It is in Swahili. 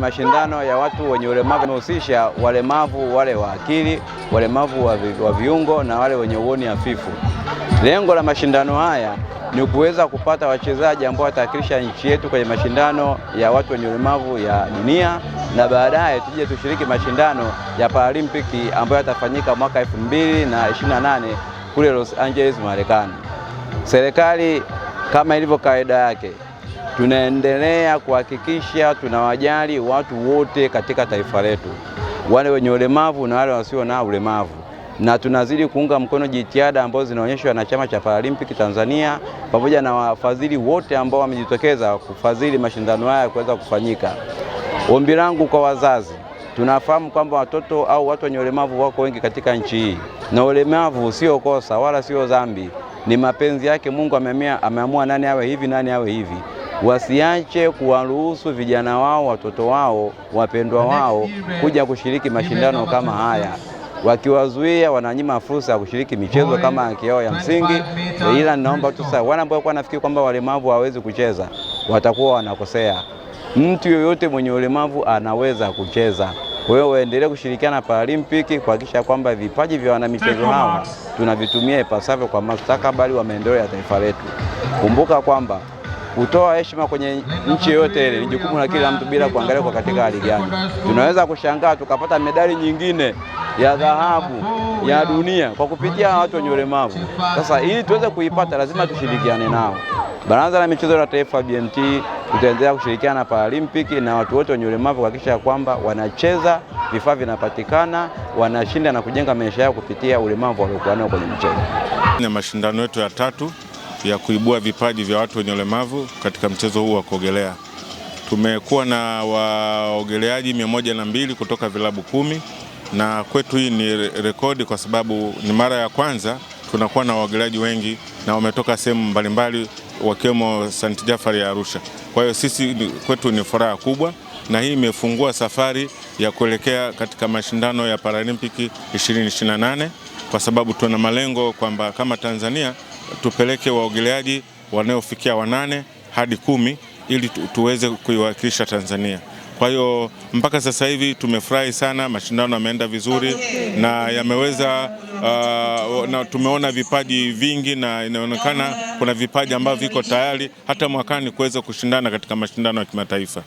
Mashindano ya watu wenye ulemavu yamehusisha walemavu wale wa akili, walemavu wa viungo na wale wenye uoni hafifu. Lengo la mashindano haya ni kuweza kupata wachezaji ambao watawakilisha nchi yetu kwenye mashindano ya watu wenye ulemavu ya dunia na baadaye tuje tushiriki mashindano ya Paralimpiki ambayo yatafanyika mwaka 2028 kule Los Angeles, Marekani. Serikali kama ilivyo kawaida yake tunaendelea kuhakikisha tunawajali watu wote katika taifa letu, wale wenye ulemavu na wale wasio na ulemavu, na tunazidi kuunga mkono jitihada ambazo zinaonyeshwa na Chama cha Paralympic Tanzania pamoja na wafadhili wote ambao wamejitokeza kufadhili mashindano haya kuweza kufanyika. Ombi langu kwa wazazi, tunafahamu kwamba watoto au watu wenye ulemavu wako wengi katika nchi hii, na ulemavu sio kosa wala sio dhambi, ni mapenzi yake Mungu ameamua nani awe hivi, nani awe hivi wasiache kuwaruhusu vijana wao, watoto wao, wapendwa wao kuja kushiriki mashindano kama haya. Wakiwazuia wananyima fursa ya kushiriki michezo kama haki yao ya msingi. Ila naomba tu sasa, wale ambao wanafikiri kwamba walemavu hawawezi kucheza watakuwa wanakosea. Mtu yoyote mwenye ulemavu anaweza kucheza. Kwa hiyo waendelee kushirikiana Paralimpiki kuhakikisha kwamba vipaji vya wanamichezo hawa tunavitumia ipasavyo kwa mustakabali wa maendeleo ya taifa letu. Kumbuka kwamba kutoa heshima kwenye nchi yoyote ile ni jukumu la kila mtu, bila kuangalia kwa katika hali gani. Tunaweza kushangaa tukapata medali nyingine ya dhahabu ya dunia kwa kupitia watu wenye ulemavu. Sasa ili tuweze kuipata, lazima tushirikiane nao. Baraza la Michezo la Taifa BMT tutaendelea kushirikiana na Paralimpiki na watu wote wenye ulemavu kuhakikisha kwamba wanacheza, vifaa vinapatikana, wanashinda na kujenga maisha yao kupitia ulemavu waliokuwa nao kwenye michezo. Ni mashindano yetu ya tatu ya kuibua vipaji vya watu wenye ulemavu katika mchezo huu wa kuogelea. Tumekuwa na waogeleaji mia moja na mbili kutoka vilabu kumi na kwetu hii ni rekodi kwa sababu ni mara ya kwanza tunakuwa na waogeleaji wengi na wametoka sehemu mbalimbali wakiwemo St. Jafari ya Arusha. Kwa hiyo sisi kwetu ni furaha kubwa, na hii imefungua safari ya kuelekea katika mashindano ya Paralimpiki 2028 kwa sababu tuna malengo kwamba kama Tanzania tupeleke waogeleaji wanaofikia wanane hadi kumi ili tuweze kuiwakilisha Tanzania. Kwa hiyo mpaka sasa hivi tumefurahi sana, mashindano yameenda vizuri na yameweza uh, na tumeona vipaji vingi na inaonekana kuna vipaji ambavyo viko tayari hata mwakani kuweza kushindana katika mashindano ya kimataifa.